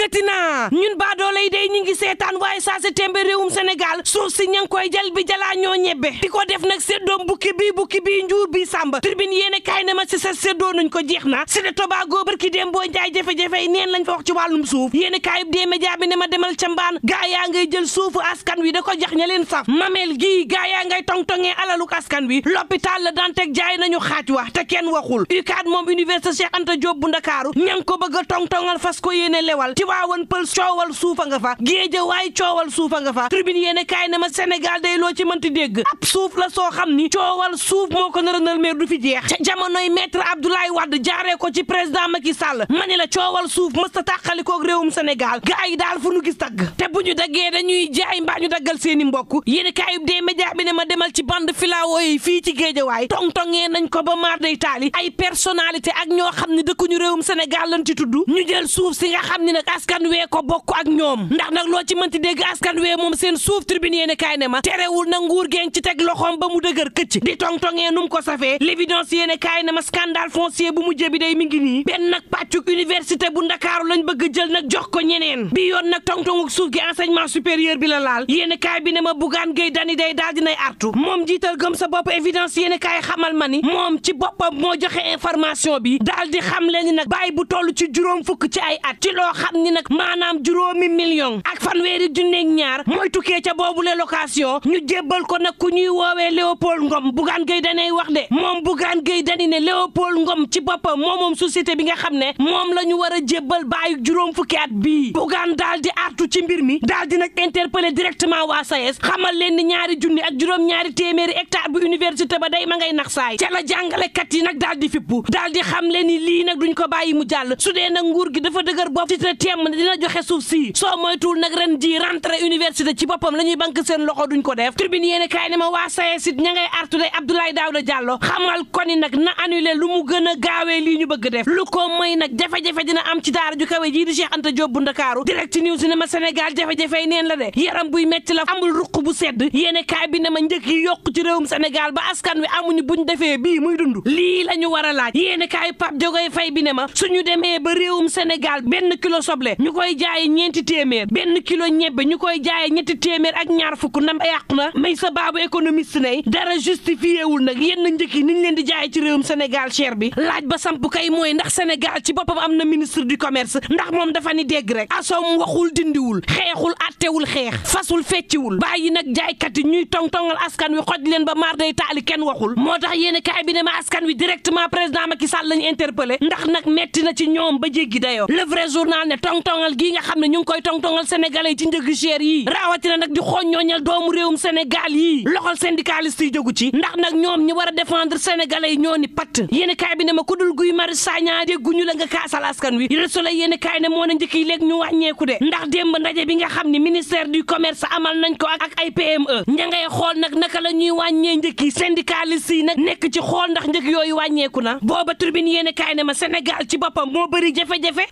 yëkkati naa ñun baadoolay day ñi ngi seetaan waaye saa si tembe réewum Sénégal suuf si ña ngi koy jël bi jalaa ñoo ñebbe di ko def nag séddoom bukki bii bukki bii njuur bii sàmba turbine yéene kaay ne ma sa séddoo nañ ko jeex na si de Tobago barki dem boo njaay jafe-jafe yi neen lañ wax ci wàllum suuf yéene kaay bi dee média bi ne ma demal ca mbaan gaa yaa ngay jël suufu askan wi da ko jax ña leen saf mameel gi gaa yaa ngay tongtongee alaluk askan wi l'hôpital la Dantec jaay nañu xaaj wax te kenn waxul UCAD moom université Cheikh Anta Diop bu Ndakaaru ña ko bëgg a tongtongal fas ko yéene lewal Tiwaawan pël coowal suufa nga fa Géejawaay coowal suufa nga fa tribune yéene kaay ne ma Sénégal day loo ci mënti dégg ab suuf la soo xam ni coowal suuf moo ko naranal meer du fi jeex ca jamonoy maître Abdoulaye Wade jaaree ko ci président Macky Sall ma ne la coowal suuf mës ta tàqalikoog réewum senegal gaa yi daal fu nu gis tagg te bu ñu daggee dañuy jaay mbaa ñu daggal seeni mbokk yéene kaayub dee média bi ne ma demal ci bande filao yi fii ci Géejawaay tongtongee nañ ko ba maar day taali ay personnalité ak ñoo xam ne dëkkuñu réewum Sénégal lañ ci tudd ñu jël suuf si askan wee ko bokk ak ñoom ndax nag loo ci mënti dégg askan wee moom seen suuf tribune yéene kaay ne ma terewul na nguur geeng ci teg loxoom ba mu dëgër këcc di tongtongee num ko safee l'évidence yéene kaay ne ma scandale foncier bu mu jëbi mingi mi ngi nii benn nag pàccuk université bu ndakaaru lañ bëgg jël nag jox ko ñeneen bi yoon nag tongtonguk suuf gi enseignement supérieur bi la laal yéene kaay bi ne ma bugaan géey dani day daal dinay artu moom jiital gëm sa bopp évidence yéene kaay xamal ma ni moom ci boppam moo joxe information bi daal di xam leen nag bàyyi bu toll ci juróom fukk ci ay at ci loo xam ni nag maanaam juróomi million ak fanweeri junneeg ñaar mooy tukkee ca boobule location ñu jébbal ko nag ku ñuy woowee Léopold Ngom Bougane Gueye Dany wax de moom Bougane Gueye Dany ne Léopold Ngom ci boppam moom société bi nga xam ne moom la ñu war a jébbal baayu juróom fukki at bii Bougane daal di artu ci mbir mi daal di nag interpeller directement waa SAES e xamal leen ni ñaari junni ak juróom ñaari téeméeri hectare bu université ba day ma ngay nax saay ca la jàngalekat yi nag daal di fippu lii nag duñ ko bàyyi mu jàll su dee nag nguur gi dafa dëgër kemm ne dina joxe suuf si soo moytuwul nag ren ji rentrée université ci boppam la ñuy banque seen loxo duñ ko def tribune yéene kaay ne ma waa sayesit ña ngay artu day Abdoulaye Daouda Diallo xamal ko nag na annulé lu mu gën gaawee lii ñu bëgg def lu ko mooy nag jafe-jafe dina am ci daar ju kawe jii di Cheikh Anta Diop bu Ndakaaru direct news ne ma Sénégal jafe-jafey neen la de yaram buy metti la amul ruq bu sedd yéene kaay bi ne ma njëkk yi yokk ci réewum Sénégal ba askan wi amuñu buñ defee bii muy dund lii la ñu war a laaj yéene kaay Pape Jogoy Fay bi ne ma suñu demee ba réewum Sénégal benn kilo sob soble ñu koy jaaye ñeenti téeméer benn kilo ñebbe ñu koy jaaye ñetti téeméer ak ñaar fukk nam yàqu na may sa baabu économiste nay dara justifié wul nag yenn njëkk yi niñ leen di jaaye ci réewum Sénégal cher bi laaj ba samp kay mooy ndax Sénégal ci boppam am na ministre du commerce ndax moom dafa ni dégg rek asoom waxul dindiwul xeexul attewul xeex fasul fecciwul bàyyi nag jaaykat yi ñuy tong-tongal askan wi xoj leen ba maar day taali kenn waxul moo tax yéen kaay bi ne ma askan wi directement président Macky Sall lañu interpellé ndax nag metti na ci ñoom ba jéggi dayoo le vrai tongtongal gii nga xam ne ñu ngi koy tongtongal sénégalais ci njëg cher yi rawatina nag di xooñ ñooñal doomu réewum sénégal yi loxol syndicaliste yi jógu ci ndax nag ñoom ñi war a défendre sénégalais yi ñoo ni patt yéeni kaay bi ne ma ku dul guy mari sagna dégguñu la nga kaasal askan wi Le Soleil yéeni kaay ne moo na njëkk yi léeg ñu wàññeeku démb ndaje bi nga xam ne ministère du commerce amal nañ ko ak ay PME ña ngay xool nag naka la ñuy wàññee njëkk yi syndicaliste yi nag nekk ci xool ndax njëkk yooyu wàññeeku na booba turbine yéeni kaay ne ma sénégal ci boppam moo bëri jafe-jafe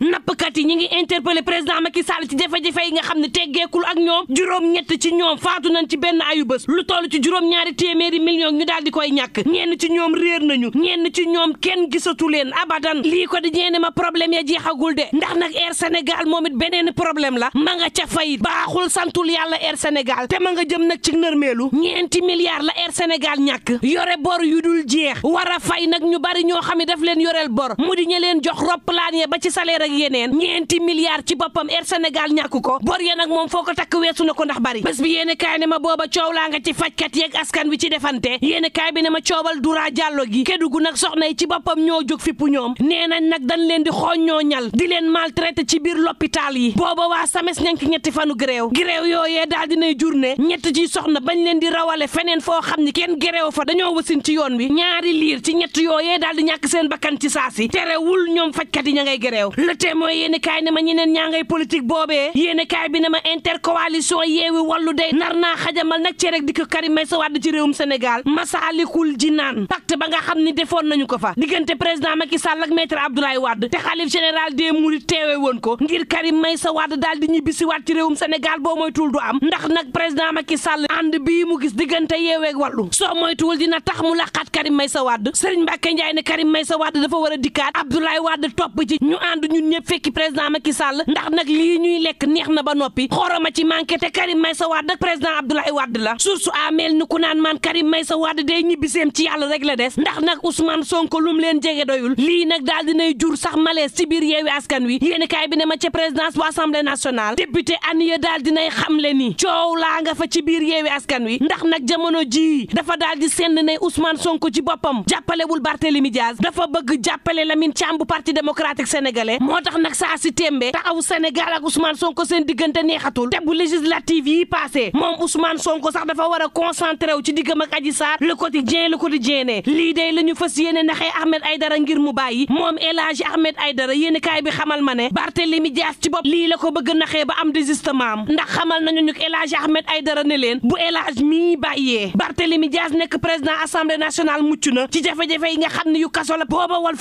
yi ñi ngi interpellé président Macky Sall ci jafe-jafe nga xam ne teggeekul ak ñoom juróom-ñett ci ñoom faatu nañ ci benn ayu bés lu toll ci juróom-ñaari téeméeri millions ñu daal di koy ñàkk ñenn ci ñoom réer nañu ñenn ci ñoom kenn gisatu leen abadan lii ko di ñeene ma problème ya jeexagul de ndax nag Air Sénégal moom it beneen problème la ma nga ca fayit baaxul santul yàlla Air Sénégal te ma nga jëm nag ci nërmeelu ñeenti milliards la Air Sénégal ñàkk yore bor yu dul jeex war fay nag ñu bari ñoo xam ne daf leen yoreel bor mu di ña leen jox roppalaan ya ba ci salaire ak yeneen ñeenti milliards milliards ci boppam Air Sénégal ñàkku ko bor ya nag moom foo ko takk weesu na ko ndax bari bés bi yéen kaay ne ma booba coow laa nga ci fajkat yeeg askan wi ci defante yéen kaay bi ne ma coobal Dura Diallo gi Kédougou nag soxna yi ci boppam ñoo jóg fippu ñoom nee nañ nag dañ leen di xooñ ñoo ñal di leen maltraité ci biir l'hôpital yi booba waa SAMES ñank ñetti fanu gréew gréew yooyee daal dinay journée ñett ci soxna bañ leen di rawale feneen foo xam ni kenn gréew fa dañoo wasin ci yoon wi ñaari liir ci ñett yooyee daal di ñàkk seen bakkan ci saasi terewul ñoom fajkat yi ña ngay gréew le témoin yéen kaay ne ma ñeneen ñaa ngay politique boobee yéen kaay bi na ma inter intercoalition yeewi wàllu de nar na xajamal nag cee rek di ko Karim Meïssa Wade ci réewum Sénégal masaalikul jinaan pacte ba nga xam ni defoon nañu ko fa diggante président Macky Sall ak maître Abdoulaye Wade te xalif général des Mourides teewee woon ko ngir Karim sa Wade daal di ñibbisi waat ci réewum Sénégal boo moytuwul du am ndax nag président Macky Sall ànd bii mu gis diggante yeeweeg wàllu soo moytuwul dina tax mu laqaat Karim Meïssa Wade Serigne Mbacke Ndiaye ne Karim Meïssa Wade dafa war a dikkaat Abdoulaye Wade topp ci ñu ànd ñun ñëpp fekki président Macky Sall ndax nag lii ñuy lekk neex na ba noppi xoroma ci manqué te Karim Meïssa Wade ak président Abdoulaye Wade la source a mel ni ku naan man Karim Meïssa Wade day ñibbiseem ci yàlla rek la des ndax nag Ousmane Sonko lum leen jege doyul lii nag daal dinay jur sax malaise ci biir yeewi askan wi yéen kaay bi ne ma ca présidence bu assemblée nationale député Aniya daal dinay xamle ni coow laa nga fa ci biir yeewi askan wi ndax nag jamono jii dafa daal di senn ne Ousmane Sonko ci boppam jàppalewul Barthélémy Diaz dafa bëgg jàppale Lamine Thiam bu parti démocratique sénégalais moo tax nag tembe taxawu Sénégal ak Ousmane Sonko seen diggante neexatul te bu législative yi passé moom Ousmane Sonko sax dafa war a concentré wu ci diggam ak Adji Sarr le quotidien le quotidien ne day la ñu fas yéene Ahmed Aydara ngir mu bàyyi moom El Hadji Ahmed Aydara yéeni kaay bi xamal ma ne Barthélémy Dias ci bopp lii la ko bëgg naxee ba am désistement am ndax xamal nañu ñu El Hadji Ahmed Aydara ne leen bu El Hadji mii bàyyee Barthélémy Dias nekk président assemblée nationale mucc yi nga xam ne yu kaso la booba wal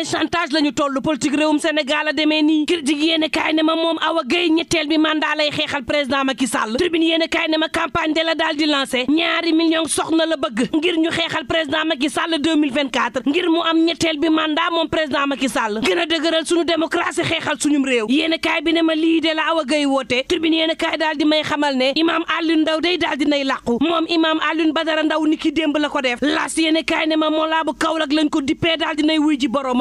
ay chantage la ñu toll politique réewum Sénégal a demee nii critique yéen kaay ma moom Awa Gueye ñetteel bi mandat lay xeexal président Macky Sall tribune yéen kaay ne ma campagne de la daal di lancé ñaari million soxna la bëgg ngir ñu xeexal président Macky Sall 2024 ngir mu am ñetteel bi mandat moom président Macky Sall gën a dëgëral suñu démocratie xeexal suñum réew yéen kaay bi ne ma lii de la Awa Gueye woote tribune yéen kaay daal di may xamal ne imaam Alioune Ndaw day daal di nay làqu moom imaam Alioune Badara Ndaw ni ki démb la ko def las yéen kaay ne ma ko dippee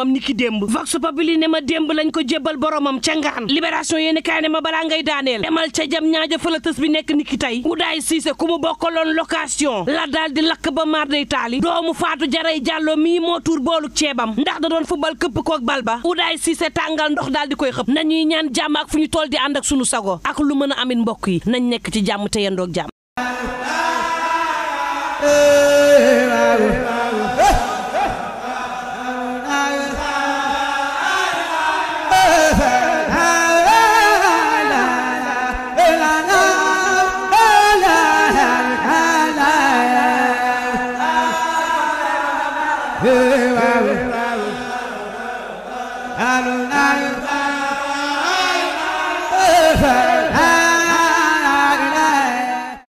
boromam ni ki démb vox populi ne ma démb lañ ko jébbal boromam ca ngaan libération yéeni kaay ne ma balaa ngay daaneel demal ca jam ñaaja fëla tës bi nekk ni ki tey Siise ku mu bokkaloon location la daal di lakk ba maar day taali doomu faatu jaray jàlloo mii moo tuur boolu ceebam ndax da doon football këpp kook bal ba Udaay Siise tàngal ndox daal koy xëpp nañuy ñaan jàmm ak fu ñu toll di ak sunu sago ak lu mën a amit mbokk nañ nekk ci jàmm te